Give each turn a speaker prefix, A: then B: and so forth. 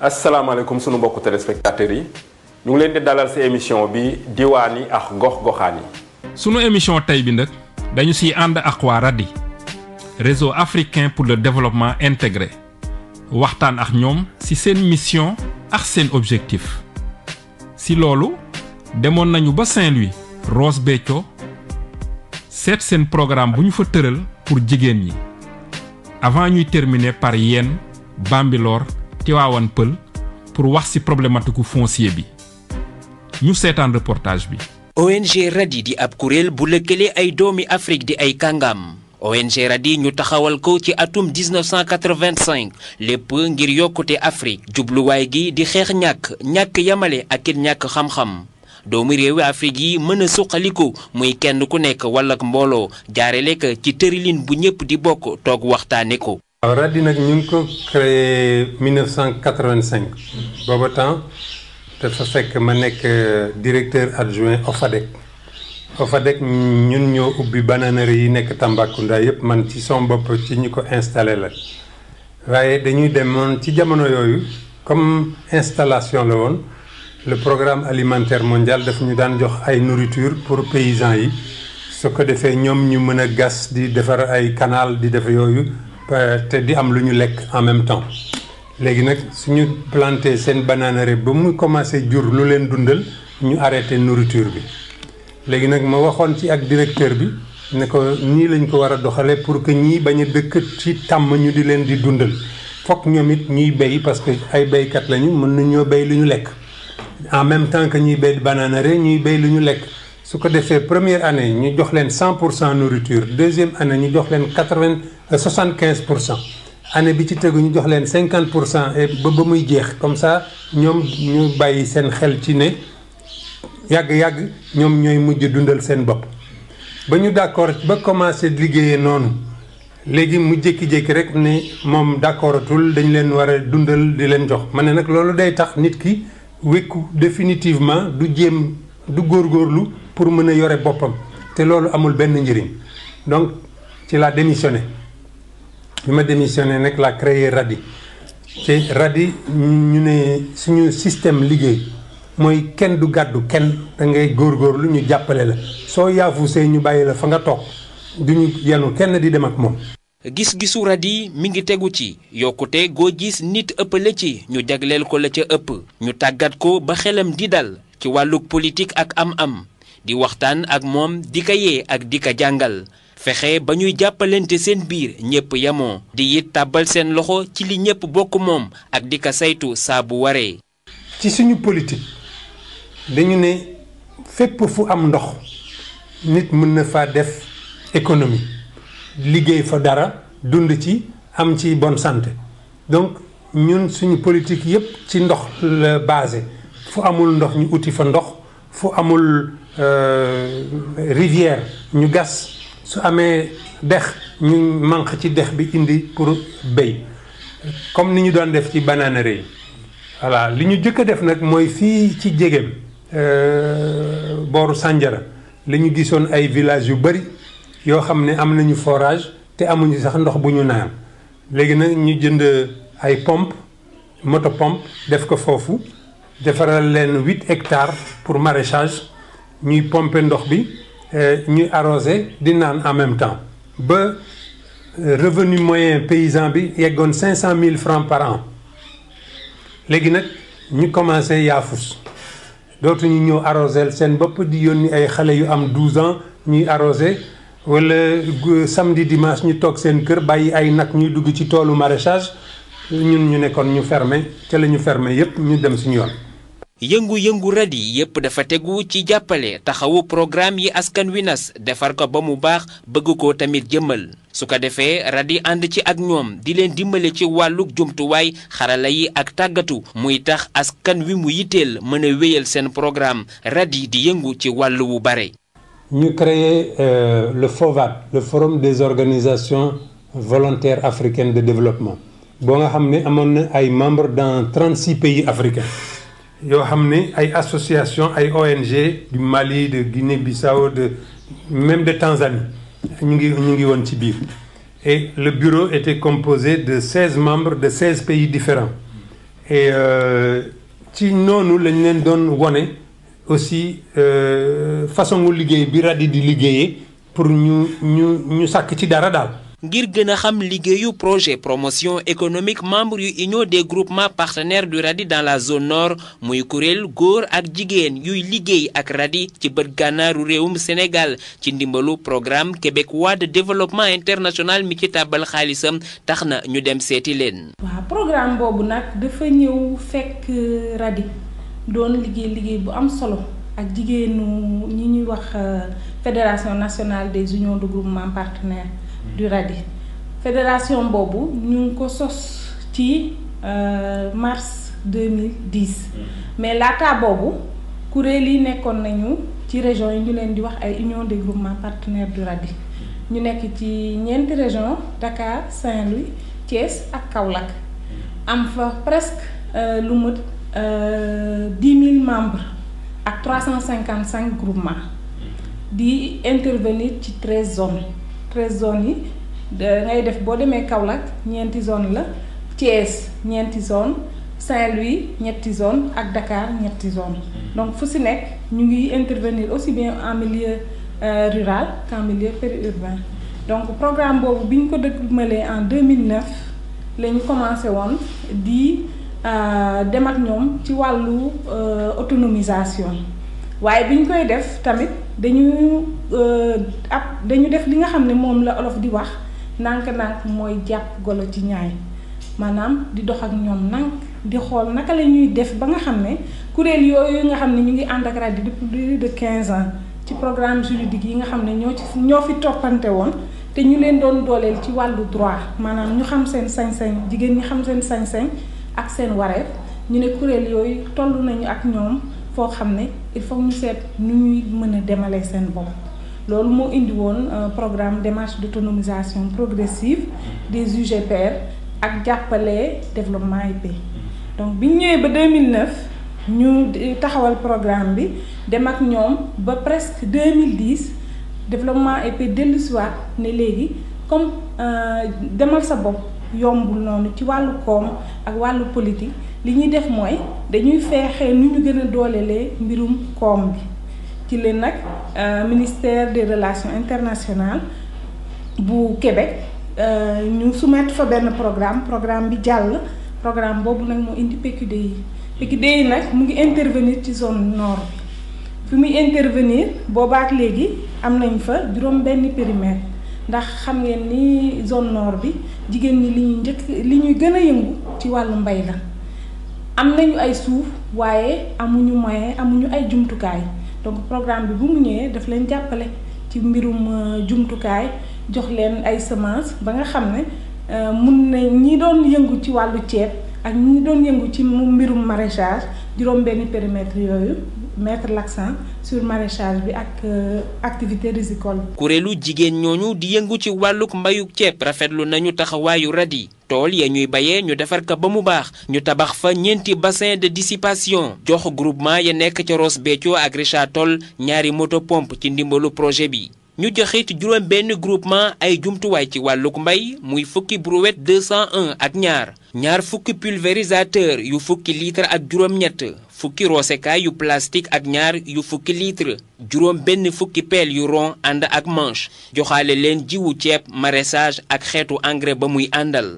A: asalaamaaleykum sunu mbokku téléspectateurs yi ñu ngi leen di dalal si émission bi diwaan yi ak gox-goxaan
B: yi. émission
A: tey bi nag dañu siy ànd ak waa RADDHI réseau africain pour le développement intégré waxtaan ak ñoom si seen mission ak seen objectif si loolu demoon nañu ba Saint-Louis Ross Béthio seet seen programme bu ñu fa tëral pour jigéen ñi avant ñuy terminer par yéen Bambilor. Tiwaawan Pël pour wax ci problématique foncier bi ñu seetaan reportage bi. ONG RADI di ab kuréel bu lëkkalee ay doomi Afrique di ay kàngam ONG RADI ñu taxawal ko ci atum 1985 lépp ngir yokkute Afrique jubluwaay gi di xeex ñàkk ñàkk yamale ak it ñàkk xam-xam doomu réewi Afrique yi mën a suqaliku muy kenn ku nekk wala mbooloo jaarale ko ci tërilin bu ñëpp di bokk toog waxtaane ko.
B: waaw RADDHI nag ñu ngi ko créé 1985 booba temps dafa fekk ma nekk euh, directeur adjoint OFADEC OFADEC ñun ñoo ubbi bananerie yi nekk Tambacounda yëpp man ci son bopp ci ñu ko installé la waaye dañuy demoon ci jamono yooyu comme installation la woon le programme alimentaire mondial daf ñu daan jox ay nourriture pour paysans yi su ko defee ñoom ñu mën a gas di defar ay canal di def yooyu Euh, te di am lu ñu lekk en même temps léegi nag suñu planté seen bananeraie ba mu commencé jur lu leen dundal ñu arrêté nourriture bi léegi nag ma waxoon ci ak directeur bi ne ko nii lañ ko war a doxale pour que ñii bañ a dëkk ci tàmm ñu di leen di dundal fokk ñoom it ñuy béy parce que ay béykat lañu mën nañoo béy lu ñu lekk en même temps que ñuy béy bananeraie ñuy béy lu ñu lekk su ko defee première année ñu jox leen cent pour cent nourriture deuxième année ñu jox leen quatre vingt euh, soixante quinze pour cent année bi ci tegu ñu jox leen cinquante pour cent et ba ba muy jeex comme ça ñoom ñu bàyyi seen xel ci ne yàgg-yàgg ñoom ñooy mujj dundal seen bopp. ba ñu d'accord ba commencé liggéeyee noonu léegi mu jékki-jékki rek ni moom d'accordatul dañu leen wara dundal di leen jox ma ne nag loolu day tax nit ki wékku définitivement du jéem du góorgóorlu. pour mën a yore boppam te loolu amul benn njëriñ donc ci la démissionné bi ma démissionné nag la créer RADI te RADI ñu ne suñu système liggéey mooy kenn du gàddu kenn da góor góorgóorlu ñu jàppale la soo yaafusee ñu bàyyi la fa nga toog duñu yenu kenn di dem ak moom.
A: gis-gisu RADI mi ngi tegu ci yokkute goo gis nit ëppale ci ñu jagleel ko la ca ëpp ñu tàggat ko ba xelam di dal ci wàllug politique ak am-am. di waxtaan ak moom di ka yee ak di ka jàngal fexe ba ñuy jàppalante seen biir ñépp yamoo di it tàbbal seen loxo ci li ñépp bokk moom ak di ka saytu saa bu waree.
B: ci suñu politique dañu ne fépp fu am ndox nit mën na fa def économie liggéey fa dara dund ci am ci bon santé donc ñun suñu politique yépp ci ndox la basé fu amul ndox ñu wuti fa ndox fu amul. Euh, rivière ñu gas su amee dex ñu mànq ci dex bi indi pour béy comme ni ñu doon def ci banaanare yi voilà li ñu jëkk a def nag mooy fii ci jegem euh, booru sànjara li ñu gisoon ay villages yu bëri yoo xam ne am nañu forage te amuñu sax ndox bu ñu naan léegi nag ñu jënd ay pompe moto pompe def ko foofu defaral leen huit hectares pour maraîchage ñuy pompe ndox bi eh, ñuy arroser di naan en même temps ba eh, revenu moyen paysan bi yeggoon cinq cent mille francs par an léegi nag ñu commencé yaafus dootuñu ñëw arroser seen bopp di yónni ay xale yu am douze ans ñuy arroser wala samedi dimanche ñu toog seen kër bàyyi ay nag ñuy dugg ci toolu maraîchage ñun ñu nekkoon ñu ferme ca la ñu fermé yépp ñu dem suñu yoon
A: yëngu-yëngu rat yi yépp dafa tegu ci jàppale taxawu programme yi askan wi nas defar ko ba mu baax bëgg ko tamit jëmmal su ko defee rat yi ànd ci ak ñoom di leen dimbale ci wàllu jumtuwaay xarala yi ak tàggatu muy tax askan wi mu yitteel mën a wéyal seen programme rat yi di yëngu ci wàll wu bare.
B: ñu créer euh, le FOVAD le Forum des organisations volontaires africaines de développement boo nga xam ne amoon na ay membres dans 36 pays africains. yoo xam ne ay association ay ONG du Mali de Guinée-Bissau de même de Tanzanie ñu ngi ñu ngi woon ci biir et le bureau était composé de seize membre de seize pays différents et euh, ci noonu lañ leen doon wane aussi euh, façon liggéey bi RADDHO di liggéeyee pour ñu ñu ñu sàkk ci dara daal
A: ngir gën a xam liggéeyu projet promotion économique membre yu union des groupements partenaires du radi dans la zone nord muy kuréel góor ak jigéen yuy liggéey ak radi ci bët gànnaaru réewum Sénégal ci ndimbalu programme québécois de développement international mi ci tàbbal xaalisam tax na ñu dem seeti leen.
C: waaw programme boobu nag dafa ñëw fekk euh, radi doon liggéey liggéey bu am solo ak jigéenu ñu ñuy wax euh, fédération nationale des unions de groupements du radi fédération boobu ñu ngi ko sos ci euh, mars 2010 mm-hmm. mais laata boobu kuréel yi nekkoon nañu ci région yi ñu leen di wax ay union des groupement partenaires du radis mm-hmm. ñu nekk ci ñeenti région Dakar Saint-Louis Thiès ak Kaolack mm-hmm. am fa presque euh, lu mat euh, dix mille membres ak trois cent cinquante cinq groupements di intervenir ci treize zones treize zones yi da def boo demee Kaolack ñeenti zone la Thiès ñeenti zone Saint-Louis ñetti zone ak Dakar ñetti zone donc fu si nekk ñu ngi intervenir aussi bien en milieu euh, rural qu'en milieu périurbain donc programme boobu bi ñu ko dëgmalee en 2009 la ñu commencé woon di euh, dem ak ñoom ci wàllu euh, autonomisation waaye bi ñu koy def tamit dañu euh, ab dañu def li nga xam ne moom la olof di wax nànk-nànk mooy jàpp golo ci ñaay maanaam di dox ak ñoom nànk di xool naka la ñuy def ba nga xam ne kuréel yooyu nga xam ne ñu ngi ànd ak rajo depuis plus de 15 ans ci programme juridique yi nga xam ne ñoo ci ñoo fi toppante woon te ñu leen doon dooleel ci wàllu droit maanaam ñu xam seen sañ-sañ jigéen ñi xam seen sañ-sañ ak seen wareef ñu ne kuréel yooyu toll nañu ak ñoom foo xam ne. il faut ñu seet nu ñuy mën a demalee seen bopp loolu moo indi woon euh, programme démarche d'autonomisation progressive des UGPR ak jàppale développement IP donc bi ñu ñëwee ba 2009 ñu taxawal programme bi dem ak ñoom ba presque 2010 développement IP dellusiwaat ne léegi comme euh, demal sa bopp. yombul noonu ci wàllu koom ak wàllu politique li ñuy def mooy dañuy feexee nu ñu gën a doolelee mbirum koom bi ci leen nag euh, ministère des relation internationales bu Québec euh, ñu soumettre fa benn programme programme bi jàll programme boobu nag moo indi PQD yi PQD yi nag mu ngi intervenir ci zone nord bi fi muy intervenir boobaat léegi am nañ fa juróom benn périmètre ndax xam ngeen ni zone nord bi jigéen ñi li ñuy njëkk li ñuy gën a yëngu ci wàllu mbay la am nañu ay suuf waaye amuñu moyen amuñu ay jumtukaay donc programme bi bu mu ñëwee daf leen jàppale ci mbirum euh, jumtukaay jox leen ay semence ba nga xam ne euh, mun na ñi doon yëngu ci wàllu ceeb ak ñi doon yëngu ci mbirum maraîchage juróom benn périmètre yooyu mettre l'accent sur maraîchage bi ak euh, activité risicole
A: kuréelu jigéen ñooñu di yëngu ci wàlluk mbayuk ceeb rafetlu nañu taxawaayu radi tool ya ñuy bayee ñu defar ko ba mu baax ñu tabax fa ñeenti bassin de dissipation jox groupement ya nekk ca Ross Béthio ak Richard Toll ñaari moto pompe ci ndimbalu projet bi ñu joxit juróom benn groupement ay jumtuwaay ci wàllug mbay muy fukki brouette 201 ak ñaar ñaar fukki pulvérisateur yu fukki litre ak juróom-ñett fukki roosekaay yu plastique ak ñaar yu fukki litre juróom benn fukki pelle yu ron ànd ak manche joxaale leen jiwu ceeb maraîchage ak xeetu engrais ba muy àndal